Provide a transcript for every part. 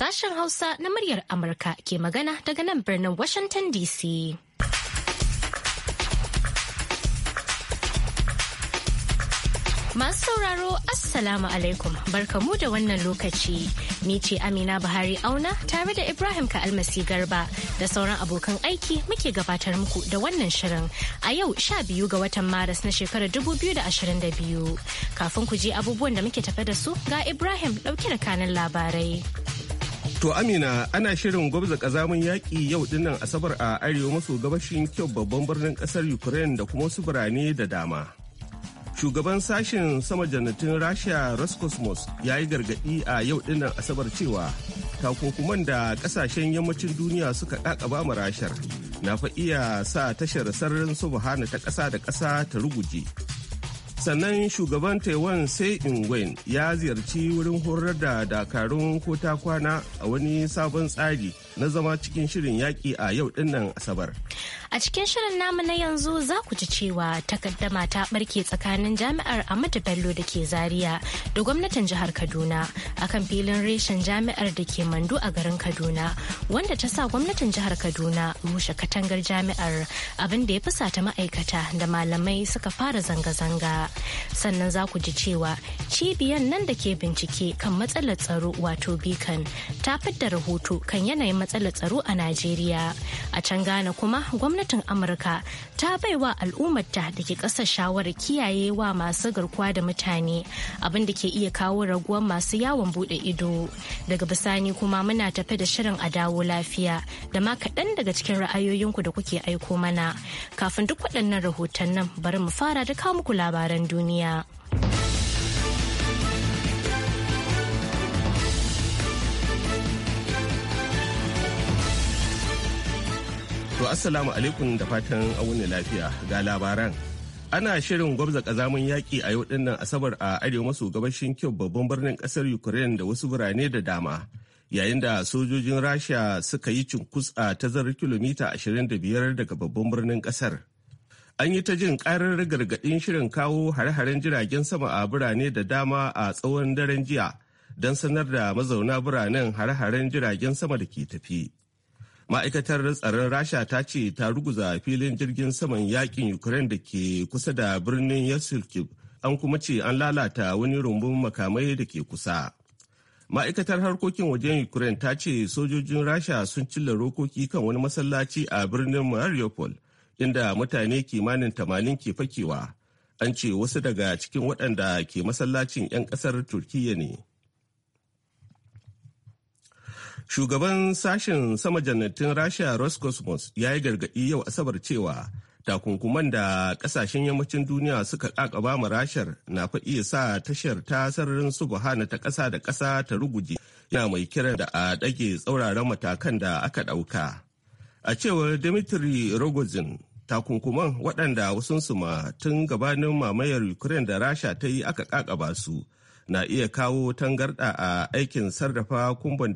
sashen Hausa na muryar Amurka ke magana daga nan birnin Washington DC. Masu sauraro Assalamu alaikum barkamu da wannan lokaci. Ni ce Amina Buhari Auna tare da Ibrahim Ka'almasi Garba da sauran abokan aiki muke gabatar muku da wannan shirin a yau sha biyu ga watan Maris na shekarar 2022. Kafin ku je abubuwan da muke tafe da su ga Ibrahim ɗauke da kanin labarai. To Amina ana shirin gwabza kazamin yaƙi yau dinnan Asabar a arewa maso gabashin kyau babban birnin ƙasar Ukraine da kuma wasu birane da dama. Shugaban sashen sama janatin Rasha Roscosmos ya yi gargaɗi a yau dinnan Asabar cewa takokuman da ƙasashen yammacin duniya suka ƙaƙaba ma rashar na fa iya sa tashar sararin subhana ta ƙasa da ƙasa ta ruguje. sannan shugaban taiwan sai ingwen ya ziyarci wurin horar da dakarun ko ta kwana a wani sabon tsari na zama cikin shirin yaƙi a yau dinnan asabar A cikin shirin namu na yanzu za ku ji cewa takaddama ta barke tsakanin jami'ar Ahmadu Bello da ke Zaria da gwamnatin jihar Kaduna akan filin reshen jami'ar da ke Mandu a garin Kaduna wanda ta sa gwamnatin jihar Kaduna rushe katangar jami'ar abin da ya fusata ma'aikata da malamai suka fara zanga-zanga. Sannan za ku ji cewa cibiyar nan da ke bincike kan matsalar tsaro wato Beacon ta da rahoto kan yanayin matsalar tsaro a Najeriya. A can Ghana kuma gwamnati gwamnatin amurka ta baiwa al'ummarta da ke ƙasar shawarar kiyaye wa masu garkuwa da mutane abin da ke iya kawo raguwar masu yawon bude ido daga bisani kuma muna tafe da shirin a dawo lafiya da ma kaɗan daga cikin ra'ayoyinku da kuke aiko mana kafin duk waɗannan rahoton nan bari mu fara da kawo muku labaran duniya. assalamu alaikum da fatan auni lafiya ga labaran. Ana shirin gwabza kazamin yaƙi a yau dinnan Asabar a arewa maso gabashin kyau babban birnin ƙasar Ukraine da wasu birane da dama. Yayin da sojojin Rasha suka yi cunkus ta tazarar kilomita 25 daga babban birnin ƙasar. An yi ta jin ƙarar gargaɗin shirin kawo hare-haren jiragen sama a birane da dama a tsawon daren jiya don sanar da mazauna biranen hare-haren jiragen sama da ke tafi. ma'aikatar tsaron rasha ta ce ta ruguza filin jirgin saman yakin ukraine da ke kusa da birnin yasilkiv an kuma ce an lalata wani rumbun makamai da ke kusa ma'aikatar harkokin wajen ukraine ta ce sojojin rasha sun cilla rokoki kan wani masallaci a birnin mariupol inda mutane kimanin tamanin ke fakewa an ce wasu daga cikin waɗanda ke masallacin 'yan ƙasar turkiyya ne Shugaban sashen sama jannatin Rasha Roscosmos ya yi gargaɗi yau Asabar cewa takunkuman da ƙasashen yammacin duniya suka ƙaƙaba mu rashar na fa iya sa tashar ta sararin subhana ta ƙasa da ƙasa ta ruguje yana mai kiran da a ɗage tsauraran matakan da aka ɗauka. A cewar Dimitri Rogozin, takunkuman waɗanda wasunsu ma tun gabanin mamayar Ukraine da Rasha ta yi aka ƙaƙaba su. na iya kawo tangarɗa a aikin sarrafa kumban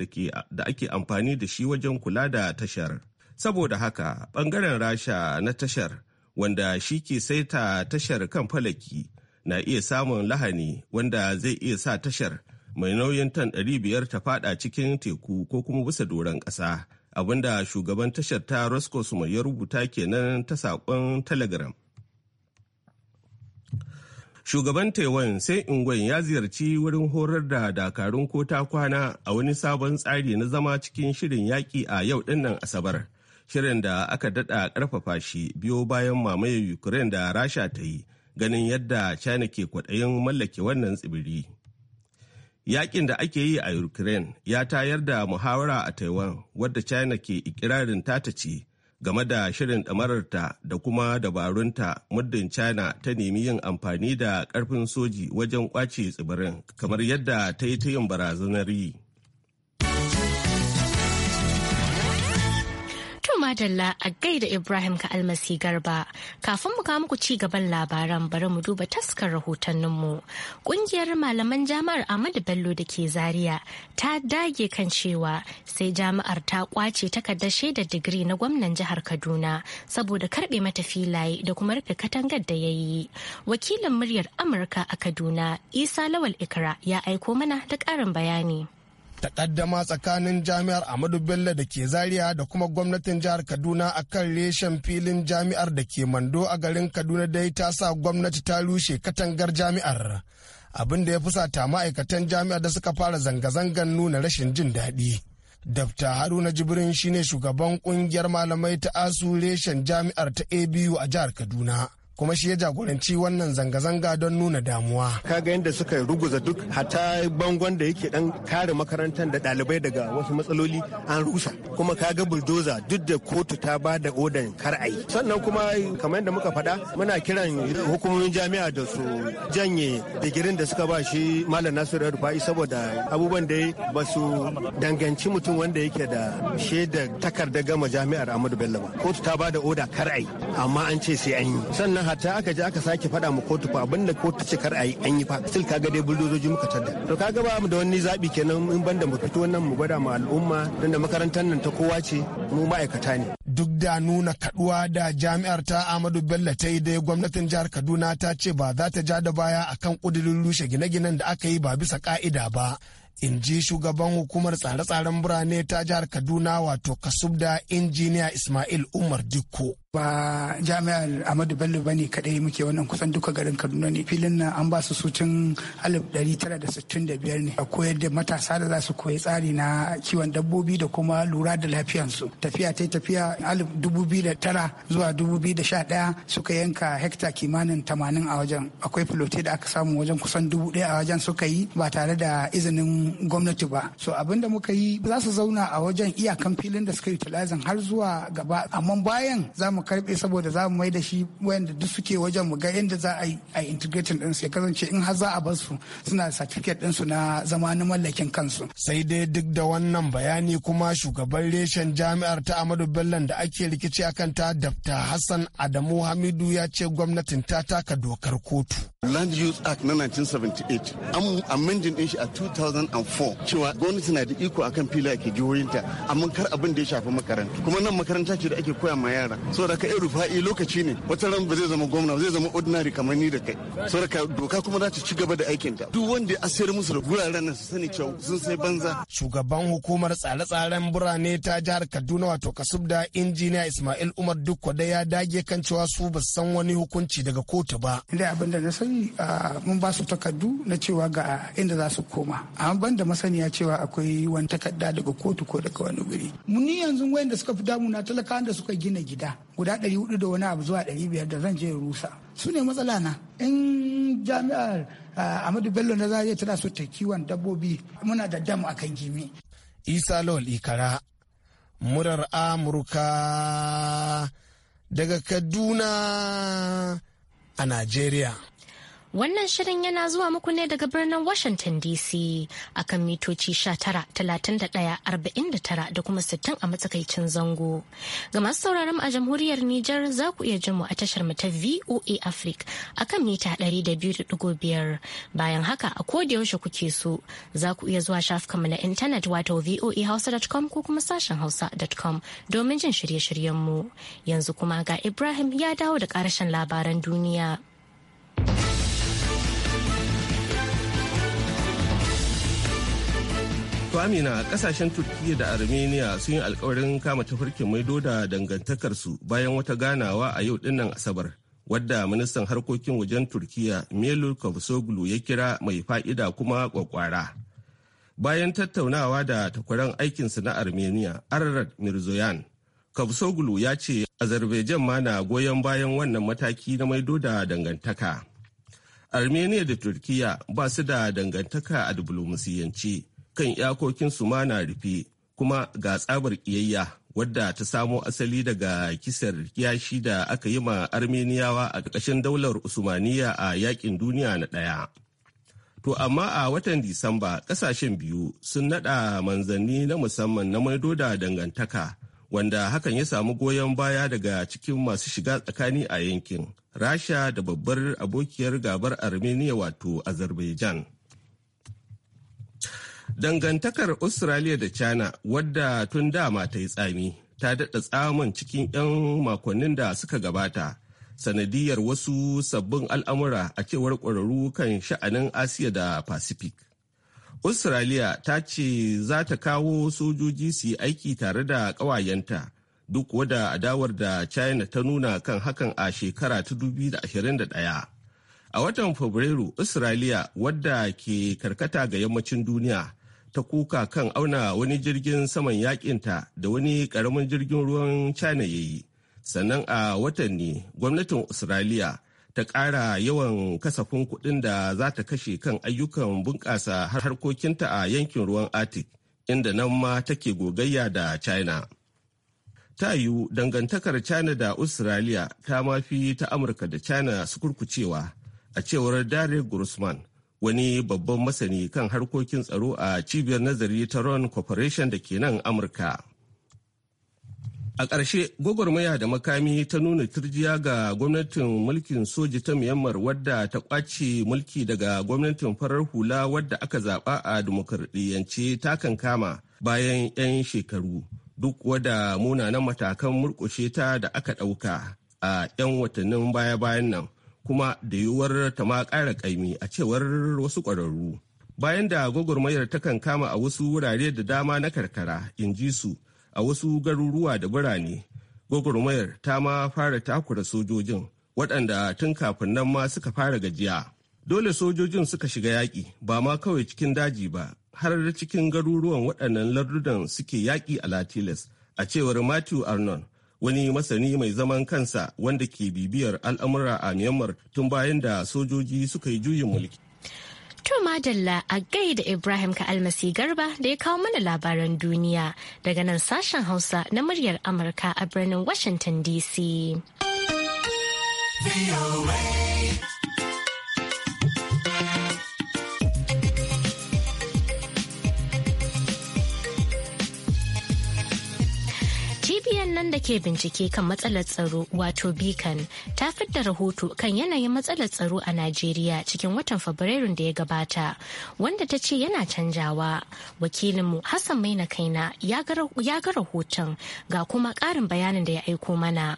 da ake amfani da shi wajen kula da tashar. Saboda haka ɓangaren rasha na tashar wanda shi ke saita tashar kan falaki na iya samun lahani wanda zai iya sa tashar mai nauyin tan 500 ta fada cikin teku ko kuma bisa doron ƙasa abinda shugaban tashar ta roscosmo ya rubuta kenan ta saƙon telegram Shugaban Taiwan sai Ingwen ya ziyarci wurin horar da dakarun ko ta kwana a wani sabon tsari na zama cikin shirin yaƙi a yau dinnan Asabar. Shirin da aka daɗa ƙarfafa shi biyo bayan mamaye Ukraine da Rasha ta yi ganin yadda China ke kwaɗayin mallake wannan tsibiri. Yaƙin da ake yi a Ukraine ya tayar da muhawara a Taiwan wadda China ke ikirarin tata ce game da shirin ɗamararta da kuma dabarunta muddin china ta nemi yin amfani da ƙarfin soji wajen kwace tsibirin kamar yadda ta yi ta yin barazanar yi Dalla a gaida Ibrahim ka almasi garba. Kafin mu kawo muku ci gaban labaran bari mu duba taskar rahotanninmu. Kungiyar malaman jami'ar Ahmadu Bello da ke Zaria ta dage kan cewa sai jami'ar ta kwace takardar shaidar digiri na gwamnan jihar Kaduna saboda karbe mata filaye da kuma rufe katangar da ya yi. Wakilin muryar Amurka a Kaduna Isa Lawal Ikra ya aiko mana da ƙarin bayani. takaddama tsakanin jami'ar Amadu Bello da ke Zaria da kuma gwamnatin jihar Kaduna a kan reshen filin jami'ar da ke Mando a garin Kaduna dai ta sa gwamnati ta rushe katangar jami'ar. Abin da ya fusata ma'aikatan jami'ar da suka fara zanga-zangar nuna rashin jin daɗi. dabta Haruna Jibrin shine shugaban kungiyar malamai ta asu reshen jami'ar ta ABU a jihar Kaduna. kuma shi ya jagoranci wannan zanga-zanga don nuna damuwa. Kaga yadda suka ruguza duk hata bangon da yake dan kare makarantar da ɗalibai daga wasu matsaloli an rusa. Kuma kaga buldoza duk da kotu ta ba da odan kar a Sannan kuma kamar yadda muka faɗa muna kiran hukumomin jami'a da su janye digirin da suka ba shi Malam Nasiru Rufai saboda abubuwan da ba su danganci mutum wanda yake da shaidar takardar gama jami'ar Ahmadu Bello ba. Kotu ta ba da oda kar a amma an ce sai an yi. Sannan nan hatta aka je aka sake faɗa mu kotu fa abinda kotu ce kar ayi an yi fa sil kaga dai buldozoji muka tadda to kaga ba mu da wani zabi kenan in banda mu fito nan mu gwada mu al'umma dan da makarantar nan ta kowa ce mu ma'aikata ne duk da nuna kaduwa da jami'ar ta Ahmadu Bello ta yi dai gwamnatin jihar Kaduna ta ce ba za ta ja da baya akan kudirin rushe gine-ginen da aka yi ba bisa ka'ida ba in ji shugaban hukumar tsare-tsaren birane ta jihar kaduna wato kasubda injiniya ismail umar dikko ba jami'ar amadu bello ba ne kadai muke wannan kusan duka garin kaduna ne filin nan an ba su sucin 1965 ne a koyar da matasa da za su koyi tsari na kiwon dabbobi da kuma lura da lafiyansu tafiya ta tafiya 2009 zuwa 2011 suka yanka hekta kimanin tamanin a wajen akwai filote da aka samu wajen kusan dubu ɗaya a wajen suka yi ba tare da izinin gwamnati ba so abin da muka yi za su zauna a wajen iyakan filin da suka yi har zuwa gaba amma bayan za mu karbe saboda za mu mai da shi wayanda duk suke wajen mu ga inda za a yi a integrating din sai kasance in har za a bar su suna certificate din su na zama na mallakin kansu sai dai duk da wannan bayani kuma shugaban reshen jami'ar ta Amadu Bello da ake rikici akan ta Dr. Hassan Adamu Hamidu ya ce gwamnatin ta taka dokar kotu Land Use Act na 1978 an amending din shi a 2004 cewa gwamnati na da iko akan fili ake jihohinta amma kar abin da ya shafi makaranta kuma nan makaranta ce da ake koya ma yara saboda ka irin fa'i lokaci ne wata ran ba zai zama gwamna zai zama ordinary kamar ni da kai saboda ka doka kuma za ta ci gaba da aikin ta duk wanda ya sayar musu da guraren nan su sani cewa sun sai banza shugaban hukumar tsare-tsaren birane ta jihar Kaduna wato Kasubda injiniya Ismail Umar Dukko da ya dage kan cewa su ba san wani hukunci daga kotu ba. Inda abin da na san mun ba su takardu na cewa ga inda za su koma amma ban da masaniya cewa akwai wani takarda daga kotu ko daga wani guri ni yanzu da suka fi damu na talaka da suka gina gida guda ɗari hudu da wani abu zuwa ɗari biyar da zan je rusa su ne matsala na in jami'ar amadu bello na zariya tana so ta kiwon dabbobi muna da dam akan gimi isa lol ikara murar amurka daga kaduna a najeriya Wannan shirin yana zuwa muku ne daga birnin Washington DC akan mitoci talatin da kuma 60 a matsakaicin zango. Ga masu sauraron a jamhuriyar Nijar za ku iya jin mu a tashar mu ta VOA Africa akan mita 200.5. Bayan haka a koda yaushe kuke so za ku iya zuwa shafukanmu na intanet wato voahausa.com ko kuma sashen hausa.com domin jin shirye shiryenmu Yanzu kuma ga Ibrahim ya dawo da ƙarashin labaran duniya. To Amina kasashen Turkiyya da Armenia sun yi alkawarin kama tafarkin maido da dangantakarsu bayan wata ganawa a yau dinnan Asabar. Wadda ministan harkokin wajen Turkiyya Melu Kavsoglu ya kira mai fa'ida kuma kwakwara. Bayan tattaunawa da takwaran aikinsa na Armenia, Ararat Mirzoyan, Kavsoglu ya ce Azerbaijan ma na goyon bayan wannan mataki na maido da dangantaka. Armenia da Turkiyya ba su da dangantaka a diflomasiyance. kan iyakokin su ma na rufe kuma ga tsabar kiyayya wadda ta samo asali daga kisar yashi da aka yi ma armeniyawa a ƙarƙashin daular usmaniya a yakin duniya na ɗaya to amma a watan disamba ƙasashen biyu sun naɗa manzanni na musamman na maido da dangantaka wanda hakan ya samu goyon baya daga cikin masu shiga tsakani a yankin rasha da babbar abokiyar gabar armeniya wato azerbaijan dangantakar australia da china wadda tun dama ta yi tsami ta daɗa tsamin cikin 'yan makonnin da suka gabata sanadiyar wasu sabbin al'amura a cewar ƙwararru kan sha'anin asiya da pacific australia ta ce za ta kawo sojoji su yi aiki tare da ƙawayenta duk wada adawar da china ta nuna kan hakan a shekara ta 2021 A watan Fabrairu, Isra'iliya wadda ke karkata ga yammacin duniya ta kuka kan auna wani jirgin saman yakinta da wani karamin jirgin ruwan China ya yi. Sannan a watan ne gwamnatin Isra'iliya ta ƙara yawan kasafin kuɗin da za ta kashe kan ayyukan bunƙasa harkokinta a yankin ruwan Arctic, inda nan ma take gogayya da China. ta yiwu dangantakar china da australia ta mafi ta amurka da china su kurkucewa a cewar Dare Grossman, wani babban masani kan harkokin tsaro a cibiyar nazari ta Ron Corporation da ke nan Amurka. A ƙarshe, gwagwarmaya da makami ta nuna turjiya ga gwamnatin mulkin soji ta Myanmar wadda ta kwace mulki daga gwamnatin farar hula wadda aka zaɓa a dimokuraɗiyyance ta kankama bayan 'yan shekaru duk wada munanan matakan murƙushe ta da aka ɗauka a 'yan watannin baya-bayan nan kuma da yiwuwar ta ma ƙara ƙaimi a cewar wasu ƙwararru. Bayan da gwagwarmayar takan kama a wasu wurare da dama na karkara, in ji su, a wasu garuruwa da birane, gwagwarmayar ta ma fara takura sojojin waɗanda tun kafin nan ma suka fara gajiya. Dole sojojin suka shiga yaƙi ba ma kawai cikin daji ba, har cikin garuruwan waɗannan lardudan suke yaƙi a Latiles, a cewar Matthew Arnold. wani masani mai zaman kansa wanda ke bibiyar al'amura a Myanmar tun bayan da sojoji suka yi juyin mulki. To Madalla a gaida Ibrahim ka almasi garba da ya kawo mana labaran duniya daga nan sashen Hausa na muryar Amurka a birnin Washington DC. Cibiyar nan da ke bincike kan matsalar tsaro wato Beacon ta fidda rahoto kan yanayin matsalar tsaro a Najeriya cikin watan Fabrairun da ya gabata wanda ta ce yana canjawa. Wakilinmu Hassan Maina Kaina ya ga rahoton ga kuma karin bayanin da ya aiko mana.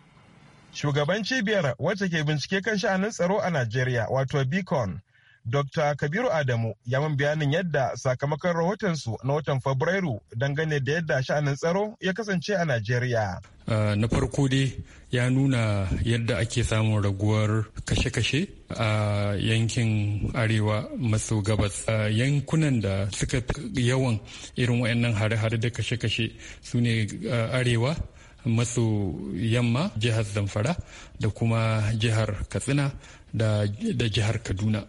Shugaban cibiyar wacce ke bincike kan sha'anin tsaro a Najeriya wato Beacon Dr. Kabiru Adamu ya min bayanin yadda sakamakon rahotonsu na watan Fabrairu dangane da yadda sha'anin tsaro ya kasance a Najeriya. Uh, na farko dai ya nuna yadda ake samun raguwar kashe-kashe a yankin arewa maso gabas yankunan da suka yawan irin waɗannan hare-hare da kashe-kashe su ne uh, arewa maso yamma jihar zamfara da kuma jihar katsina da jihar kaduna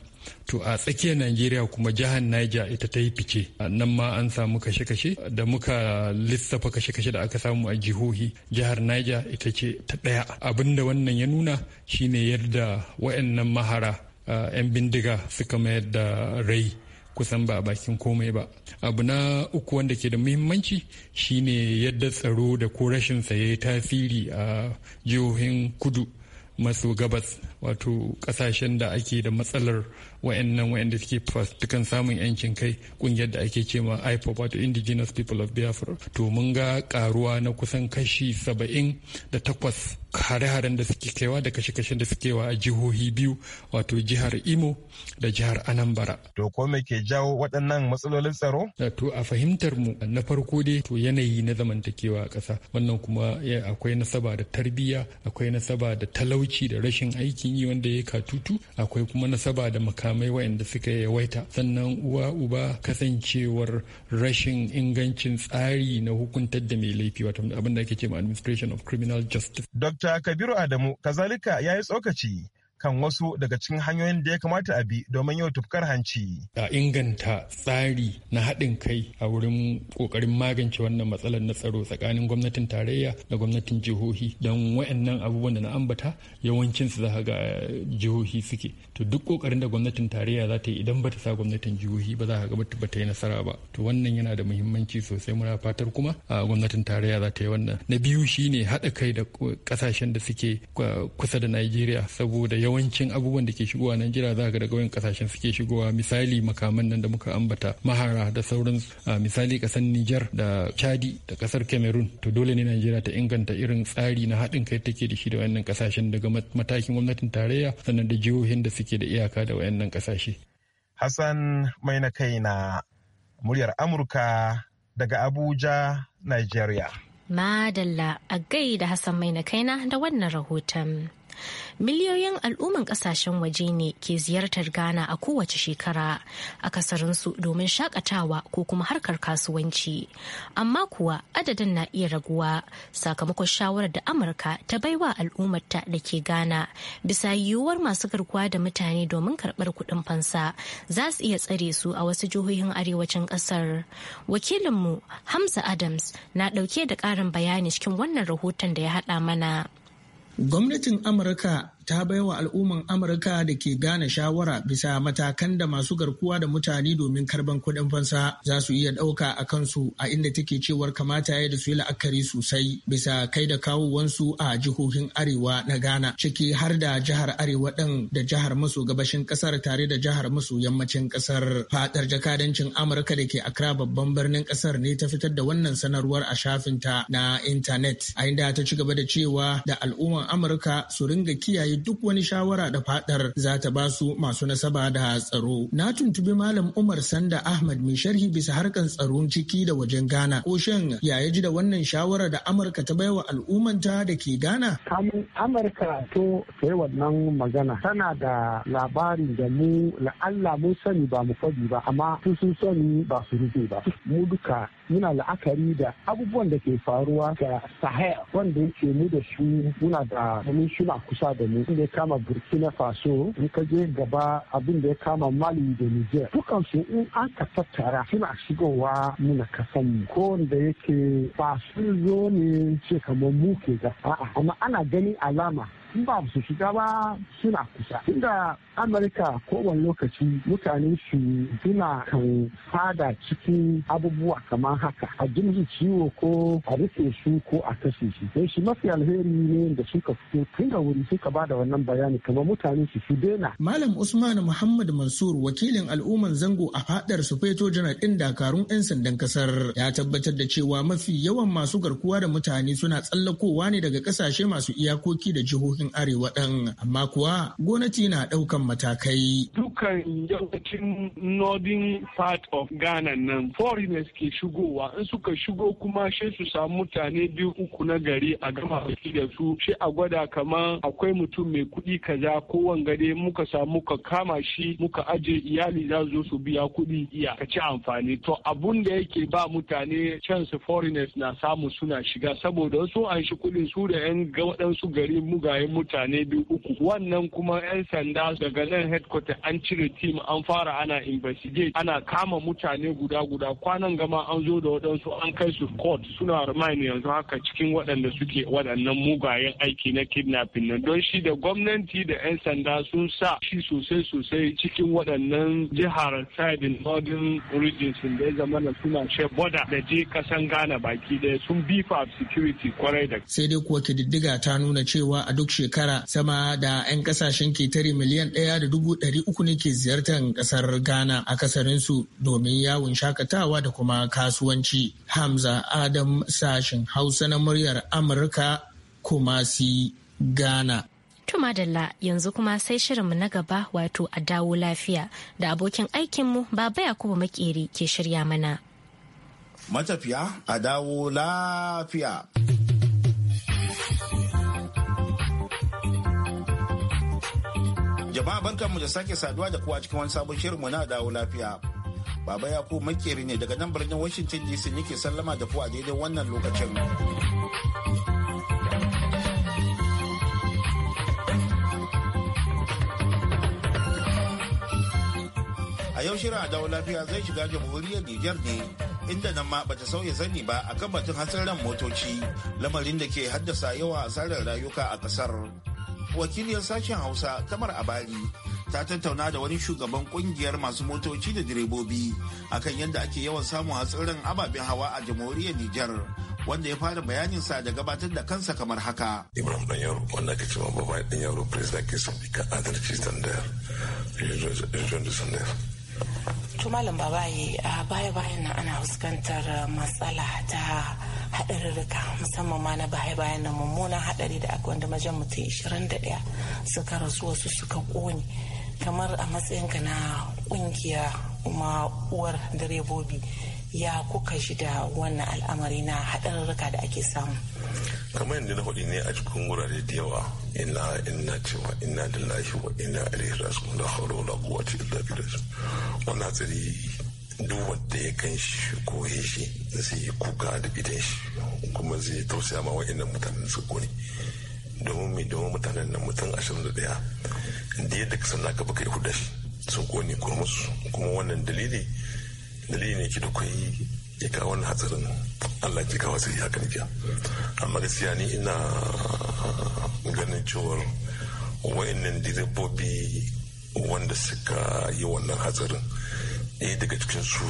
to a tsakiyar najeriya kuma jihar niger ita ta yi fice nan ma an samu kashe-kashe da muka lissafa kashe-kashe da aka samu a jihohi jihar niger ita ce ta ɗaya abinda wannan ya nuna shine yadda wayannan mahara 'yan bindiga suka mayar da rai kusan ba a bakin komai ba abu na uku wanda ke da muhimmanci shine yadda tsaro da ko rashin sa tasiri a jihohin kudu maso gabas wato kasashen da ake da matsalar wa'annan wa'anda suke fafutukan samun yankin kai kungiyar da ake cewa ipob wato indigenous people of biafra to mun ga karuwa na kusan kashi saba'in da takwas hare-haren da suke kaiwa da kashe kashe da suke a jihohi biyu wato jihar imo da jihar anambra to ko me ke jawo waɗannan matsalolin tsaro to a fahimtar mu na farko dai to yanayi na zamantakewa a ƙasa wannan kuma akwai nasaba da tarbiyya akwai nasaba da talauci da rashin aikin yi wanda ya katutu akwai kuma nasaba da maka makamai waɗanda suka yawaita sannan uwa uba kasancewar rashin ingancin tsari na hukuntar da mai laifi wato abin da ake ce ma administration of criminal justice. Dr. Kabiru Adamu kazalika ya yi tsokaci kan wasu daga cikin hanyoyin da ya kamata a bi domin yau tufkar hanci. A inganta tsari na haɗin kai a wurin ƙoƙarin magance wannan matsalar na tsaro tsakanin gwamnatin tarayya da gwamnatin jihohi don wa'annan abubuwan da na ambata yawancin su za ga jihohi suke. To duk ƙoƙarin da gwamnatin tarayya za ta yi idan ba ta sa gwamnatin jihohi ba za ka ga ba ta yi nasara ba. To wannan yana da muhimmanci sosai muna fatar kuma a gwamnatin tarayya za ta yi wannan. Na biyu shine haɗa kai da ƙasashen da suke kusa da Najeriya saboda yawancin abubuwan da ke shigowa Najeriya za ga daga wayan kasashen suke shigowa misali makaman nan da muka ambata mahara da sauran misali kasar Niger da Chadi da kasar Cameroon to dole ne Najeriya ta inganta irin tsari na haɗin kai take da shi da wayannan kasashen daga matakin gwamnatin tarayya sannan da jihohin da suke da iyaka da wayannan kasashe. Hassan mai na kai na muryar Amurka daga Abuja, Nigeria. Madalla a gai Hassan mai na kaina da wannan rahoton. miliyoyin al'umman kasashen waje ne ke ziyartar ghana a kowace shekara a kasarinsu domin shakatawa ko kuma harkar kasuwanci amma kuwa adadin na iya raguwa sakamakon shawarar da amurka ta bai wa al'ummarta da ke ghana bisa yiwuwar masu garkuwa da mutane domin karbar kuɗin fansa za su iya tsare su a wasu jihohin arewacin ƙasar wakilinmu hamza adams na ɗauke da ƙarin bayani cikin wannan rahoton da ya haɗa mana Gwamnatin Amurka ta baiwa al'umman Amurka da ke gane shawara bisa matakan da masu garkuwa da mutane domin karban kudin fansa za su iya ɗauka a kansu a inda take cewar kamata ya da su yi la'akari sosai bisa kai da kawowansu a jihohin Arewa na Ghana ciki har da jihar Arewa ɗin da jihar maso gabashin ƙasar tare da jihar maso yammacin ƙasar fadar jakadancin Amurka da ke Accra babban birnin ƙasar ne ta fitar da wannan sanarwar a shafinta na intanet a inda ta ci gaba da cewa da al'umman Amurka su ringa kiyaye duk wani shawara da fadar za ta ba su masu nasaba da tsaro. Na tuntubi Malam Umar Sanda Ahmad mai sharhi bisa harkan tsaron ciki da wajen Ghana. Ko shin ya ji da wannan shawara da Amurka ta baiwa al'ummanta da ke Ghana? Amurka to sai wannan magana tana da labari da mu la'alla mun sani ba mu faɗi ba amma su sun sani ba su rufe ba. Mu duka muna la'akari da abubuwan da ke faruwa ga Sahel wanda yake mu da shi muna da muna kusa da mu abin da ya kama burkina faso in ka je gaba abin da ya kama mali da niger dukansu su in an ka tattara suna shigowa muna kasan mu ko da yake ba su zo ne ce kamar muke ke gasa amma ana gani alama in ba su shiga ba suna kusa inda amurka kowane lokaci mutane su suna kan fada cikin abubuwa kamar haka a jirgin ciwo ko a rufe su ko a kashe shi don shi mafi alheri ne da suka fito tun da wuri suka ba da wannan bayani kamar mutane su su dena? malam usman muhammad mansur wakilin al'umman zango a fadar Sufeto jana janar din dakarun 'yan sandan kasar ya tabbatar da cewa mafi yawan masu garkuwa da mutane suna tsallakowa ne daga kasashe masu iyakoki da jihohi ɗin arewa ɗan amma kuwa gwamnati na ɗaukan matakai. Dukan yawancin northern part of Ghana nan foreigners ke shigowa in suka shigo kuma shi su samu mutane biyu uku na gari a gama baki da su shi a gwada kamar akwai mutum mai kuɗi kaza ko wangade muka samu ka kama shi muka aje iyali za zo su biya kuɗi iya ka ci amfani to abun da yake ba mutane chance foreigners na samu suna shiga saboda wasu an shi kuɗin su da yan ga waɗansu gari mugaye mutane biyu uku wannan kuma 'yan sanda daga nan headquarter an cire team an fara ana investigate ana kama mutane guda guda kwanan gama an zo da waɗansu an kai su court suna remind yanzu haka cikin waɗanda suke waɗannan mugayen aiki na kidnapping nan don shi da gwamnati da 'yan sanda sun sa shi sosai sosai cikin waɗannan jihar side northern regions da ya zama na suna she border da je kasan ghana baki ɗaya sun bifa security kwarai da sai dai kuwa kididdiga ta nuna cewa a duk shekara sama da 'yan kasashen ketare miliyan ɗaya da dubu ɗari uku ne ke ziyartar ƙasar Ghana a kasarinsu domin yawon shakatawa da kuma kasuwanci. Hamza Adam sashen Hausa na muryar Amurka kuma si Ghana. To yanzu kuma sai shirinmu na gaba wato a dawo lafiya da abokin aikinmu Baba Yakubu Makeri ke shirya mana. Matafiya a dawo lafiya. Jama'a barkan mu da sake saduwa da kowa cikin wani sabon shirin mu na dawo lafiya. Baba ya ku makeri ne daga nan birnin Washington DC yake sallama da ku a daidai wannan lokacin. A yau shirin a dawo lafiya zai shiga jamhuriyar niger ne inda nan ma bata sauya zani ba akan batun hatsarin motoci lamarin da ke haddasa yawa a asarar rayuka a kasar. wakiliyar sashen hausa tamar abari ta tattauna da wani shugaban kungiyar masu motoci da direbobi akan yadda ake yawan samun hatsarin ababen hawa a jamhuriyar Nijar wanda ya fara bayanin sa da gabatar da kansa kamar haka. Ibrahim dan wanda ake cewa baba yaro ke kan adalci da babaye a baya-bayan ana fuskantar eh, matsala ta haɗarurruka musamman ma na baya-bayan na mummunan haɗari da aka wanda majan mutum 21 suka rasu wasu suka ƙone kamar a matsayinka na ƙungiya kuma uwar direbobi ya kuka shi da wannan al'amari na haɗarurruka da ake samu kamar yadda na faɗi ne a cikin wurare da yawa ina ina cewa ina da lahi wa ina alaihi rasu da haro da kowace ce da wannan duk wanda ya kan shi ko shi zai yi kuka da bidan shi kuma zai tausaya ma nan mutanen da suka domin mai domin mutanen nan mutum ashirin da ɗaya da yadda kasan naka baka yi hudashi sun kone kurmus kuma wannan dalili dalili ne ki da kwai ya kawo wannan hatsarin Allah ke kawo sai ya kanfiya amma gaskiya ni ina ganin cewar nan direbobi wanda suka yi wannan hatsarin ɗaya daga su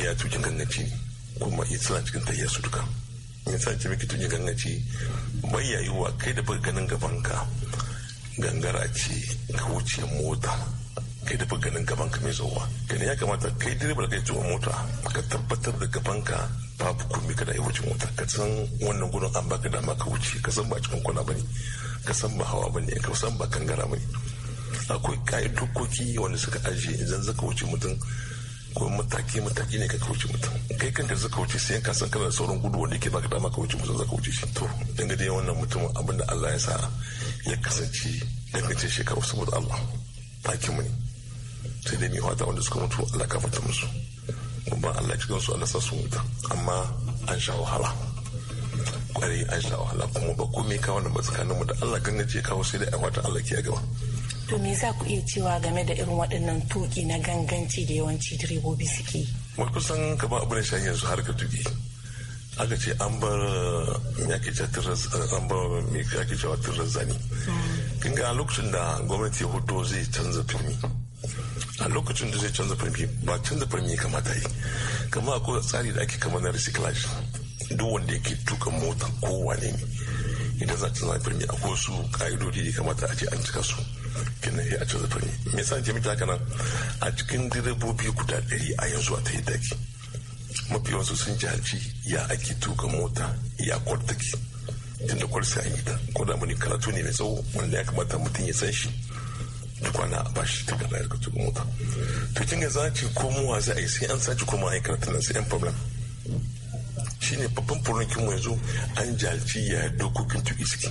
ya tuji gangaci kuma ya suna cikin tayyar su duka ya sa ce miki tukin gannaci bai ya wa kai da baka ganin gabanka gangara ce ka wuce mota kai da baka ganin gabanka mai zowa kai ya kamata kai direba da kai tuwa mota ka tabbatar da gabanka babu kumi kada ya wuce mota ka san wannan gudun an baka dama ka wuce ka san ba cikin kwana bane ka san ba hawa bane ka san ba ba bane akwai ƙa'id dokoki wanda suka ajiye idan zaka wuce mutum ko mataki mataki ne ka kauce mutum kai kanka zaka wuce sai ka san kana sauran gudu wanda yake baka dama ka wuce mutum zaka wuce shi to dan ga wannan mutum abinda Allah ya sa ya kasance da kace shekaru saboda Allah taki mu ne sai dai mi wata wanda suka mutu Allah ka fata musu kuma Allah cikin su Allah sa su mutu amma an sha wahala kwarai an sha wahala kuma ba kome ka wannan ba tsakaninmu da Allah ce kawo sai dai a wata Allah ke gaba To me za ku iya cewa game da irin waɗannan tuki na ganganci da yawanci direbobi suke? Wai kusan kamar abu da shan yanzu har ka tuki. Aka ce an bar me ake cewa tiras an bar me ake cewa tiras zani. Mm. Kin ga lokacin da gwamnati ya hoto zai canza firmi. A lokacin da zai canza firmi ba canza firmi ya kamata yi. Kamar akwai tsari da ake kamar na recyclage. Duk wanda yake tuka mota kowane ne. Idan za a canza firmi akwai su ka'idodi da kamata a ce an cika su. kina a cewa fani me yasa ke miki haka nan a cikin direbobi guda ɗari a yanzu a ta yi daki mafi wasu sun jihalci ya ake tuka mota ya kwartaki tun da sai an yi ta ko da muni karatu ne mai tsawo wanda ya kamata mutum ya san shi da kwana a bashi ta kada ya tuka mota to kin ga za ki komowa za a yi sai an sace koma a karatun nan sai an problem shine babban furukin mu yanzu an jalci ya dokokin tu iski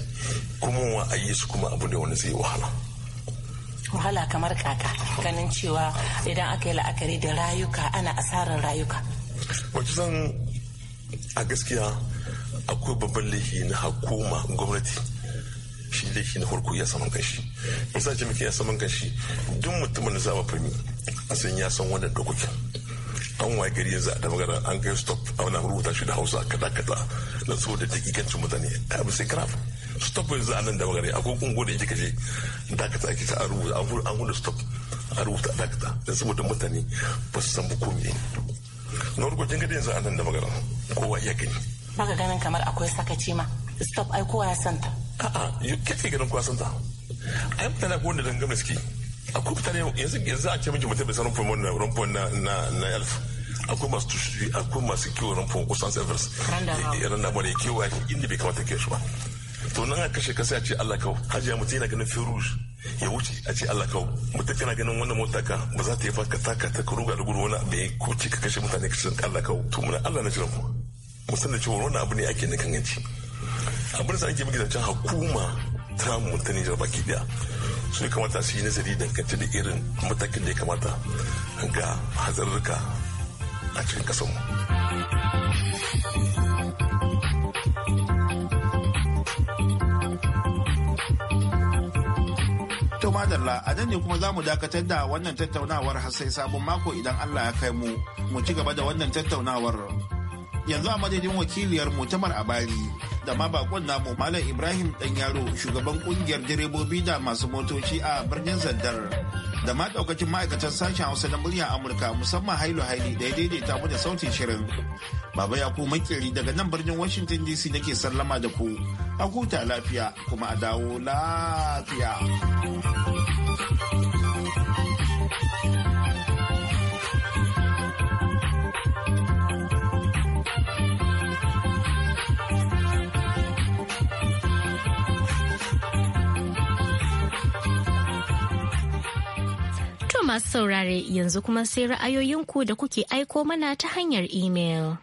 kuma wa a yi su kuma abu ne wani zai wahala wahala kamar kaka ganin cewa idan aka yi la'akari da rayuka ana asarar rayuka Wacce zan a gaskiya akwai babban laifi na hakuma gwamnati shi laifi na farko ya saman kanshi sa ce muke ya saman kanshi duk mutumin da zaba fami a san ya san wannan dokokin an waye gari yanzu a damagara an kai stop a wani rubuta shi da hausa kada kada na saboda dakikancin mutane abu sai karafa stop yanzu a nan da magana a kungo gode yake kaje dakata ake ta rubuta an gudu stop a rubuta dakata don saboda mutane ba su san ne na farko kin yanzu a nan da magana kowa iya gani baka ganin kamar akwai sakaci ma stop ai kowa ya santa a'a kake ganin kowa santa ai mutane ko wanda gama suke akwai mutane yanzu yanzu a ce miki mutum bai san rumfon wannan rumfon na na na elf akwai masu tushe akwai masu kiwo rumfon kusan service ranar da bane kewa inda bai kamata kiwo shi ba to nan a kashe kasa ce Allah kawo hajiya mutum yana ganin firush ya wuce a ce Allah kawo mutum kana ganin wannan mota ka ba za ta yi faka taka ta kuruga da gudu wani abu ya ka kashe mutane ka san Allah kawo to muna Allah na jiran ku mu san da cewa wannan abu ne ake na kanganci abin da sa ake magidancin hukuma ta mu ta Nijar baki daya su ya kamata su yi nazari dangance da irin matakin da ya kamata ga hazarurruka a cikin kasanmu. madalla a nan ne kuma za mu dakatar da wannan tattaunawar har sai sabon mako idan Allah ya kai mu mu ci gaba da wannan tattaunawar. Yanzu a madadin wakiliyar mu Tamar Abari da ma bakon namu Malam Ibrahim Dan Yaro shugaban kungiyar direbobi da masu motoci a birnin Zandar da ma daukacin ma'aikatan sashen Hausa na murya Amurka musamman Hailu Haili da ya daidaita mu da sautin shirin. Baba ya ku Makeri daga nan birnin Washington DC nake sallama da ku. a huta lafiya kuma a dawo lafiya. To masu saurare yanzu kuma sai ra'ayoyinku da kuke aiko mana ta hanyar imel.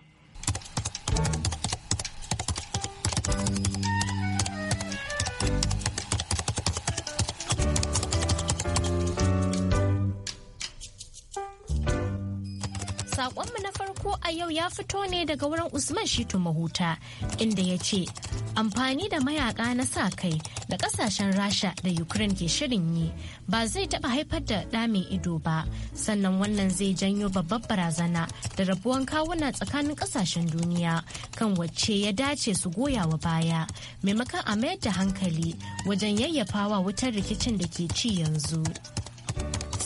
Sakonmu na farko a yau ya fito ne daga wurin Usman Shitu Mahuta inda ya ce amfani da mayaka na sa kai da kasashen Rasha da Ukraine ke shirin yi ba zai taɓa haifar da ɗamin ido ba sannan wannan zai janyo babbar barazana da rabuwan kawuna tsakanin ƙasashen duniya kan wacce ya dace su goya wa baya maimakon a mayar da hankali wajen yayyafawa wutar rikicin da ke ci yanzu.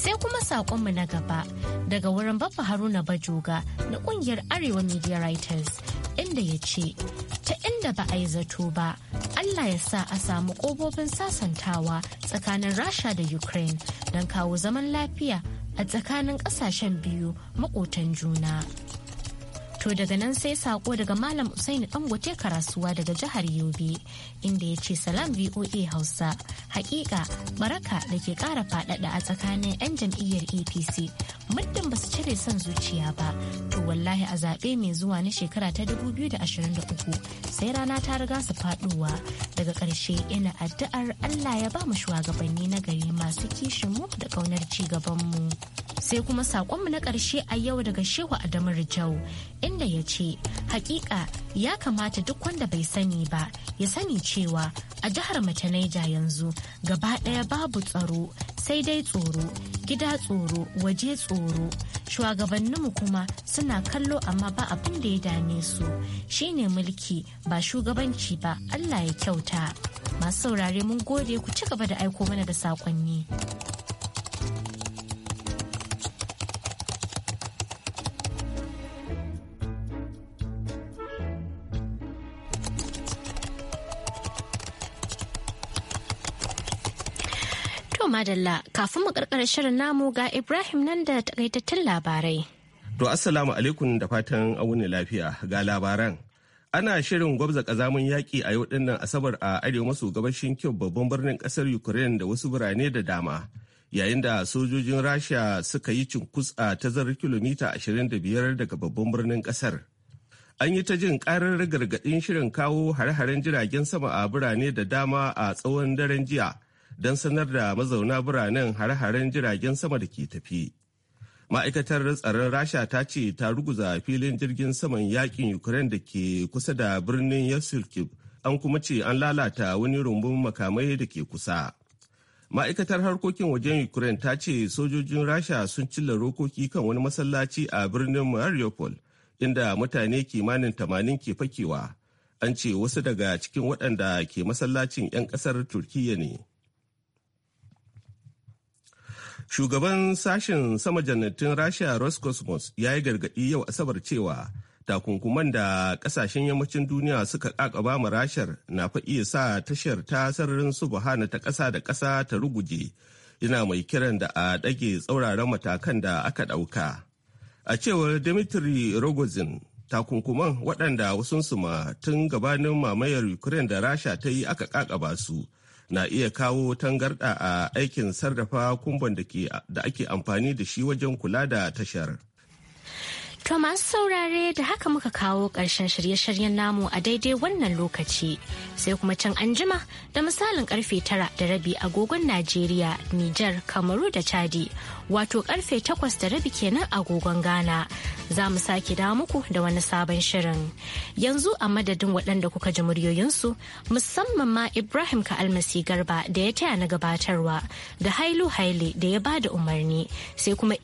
sai kuma saƙonmu na gaba daga wurin Baffa Haruna Bajoga na ƙungiyar Arewa Media Writers inda ya ce, Ta inda ba a yi zato ba, Allah ya sa a samu ƙobobin sasantawa tsakanin Rasha da Ukraine don kawo zaman lafiya a tsakanin ƙasashen biyu maƙotan juna. To daga nan sai sako daga Malam usain Dangote Karasuwa daga jihar Yobe inda ya ce salam VOA Hausa. Hakika baraka da ke kara fadada a tsakanin 'yan jam'iyyar APC muddin ba su cire son zuciya ba. To wallahi a zaɓe mai zuwa na shekara ta 2023 sai rana ta riga su faduwa Daga ƙarshe ina addu'ar Allah ya ba mu shugabanni na gari masu kishin mu da ƙaunar ci gaban mu Sai kuma saƙonmu na ƙarshe a yau daga Shehu Adamu Rijau. inda ya ce hakika ya kamata duk wanda bai sani ba ya sani cewa a jihar Matanaija yanzu gaba ɗaya babu tsaro sai dai tsoro gida tsoro waje tsoro shugabanninmu kuma suna kallo amma ba abin da ya dame su shine mulki ba shugabanci ba Allah ya kyauta masu saurare mun gode ku ci gaba da aiko mana da saƙonni. To Madalla, kafin mu karkarar shirin namu ga Ibrahim nan da takaitattun labarai. To Assalamu alaikum da fatan auni lafiya ga labaran. Ana shirin gwabza kazamin yaƙi a yau dinnan Asabar a arewa maso gabashin kyau babban birnin ƙasar Ukraine da wasu birane da dama. Yayin da sojojin Rasha suka yi cinkus ta tazarar kilomita 25 daga babban birnin ƙasar. an yi ta jin karar gargaɗin shirin kawo hare-haren jiragen sama a birane da dama a tsawon daren jiya don sanar da mazauna biranen hare-haren jiragen sama da ke tafi. Ma'aikatar tsaron Rasha ta ce ta ruguza filin jirgin saman yakin Ukraine da ke kusa da birnin Yasurkiv, an kuma ce an lalata wani rumbun makamai da ke kusa. Ma'aikatar harkokin wajen Ukraine ta ce sojojin Rasha sun cilla rokoki kan wani masallaci a birnin Mariupol, inda mutane kimanin tamanin ke fakewa. An ce wasu daga cikin waɗanda ke masallacin 'yan ƙasar Turkiyya ne. Shugaban sashen sama jannatin Rasha Roscosmos ya yi gargaɗi yau Asabar cewa takunkuman da ƙasashen yammacin duniya suka kakaba ma rashar na fa iya sa tashar ta sararin subhana ta ƙasa da ƙasa ta ruguje yana mai kiran da a ɗage tsauraran matakan da aka ɗauka. A cewar Dimitri Rogozin, takunkuman waɗanda wasunsu ma tun gabanin mamayar Ukraine da Rasha ta yi aka ƙaƙaba su na iya kawo tangarɗa a aikin sarrafa kumban da ake amfani da shi wajen kula da tashar. To masu saurare da haka muka kawo ƙarshen shirye-shiryen namu a daidai wannan lokaci sai kuma can anjima da misalin karfe tara da rabi agogon Najeriya, Nijar, Kamaru da Chadi wato karfe takwas da rabi kenan agogon Ghana za mu sake da muku da wani sabon shirin. Yanzu a madadin waɗanda kuka ji muryoyinsu musamman ma Ibrahim ka Almasi Garba da ya taya na gabatarwa da Hailu Haile da ya bada umarni sai kuma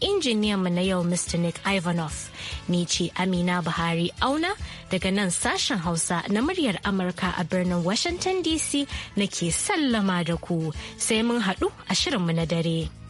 mu na yau Mr. Nick Ivanov. Ni ce Amina Buhari Auna daga nan sashen Hausa na muryar Amurka a birnin Washington DC nake sallama da ku sai mun haɗu a shirinmu na dare.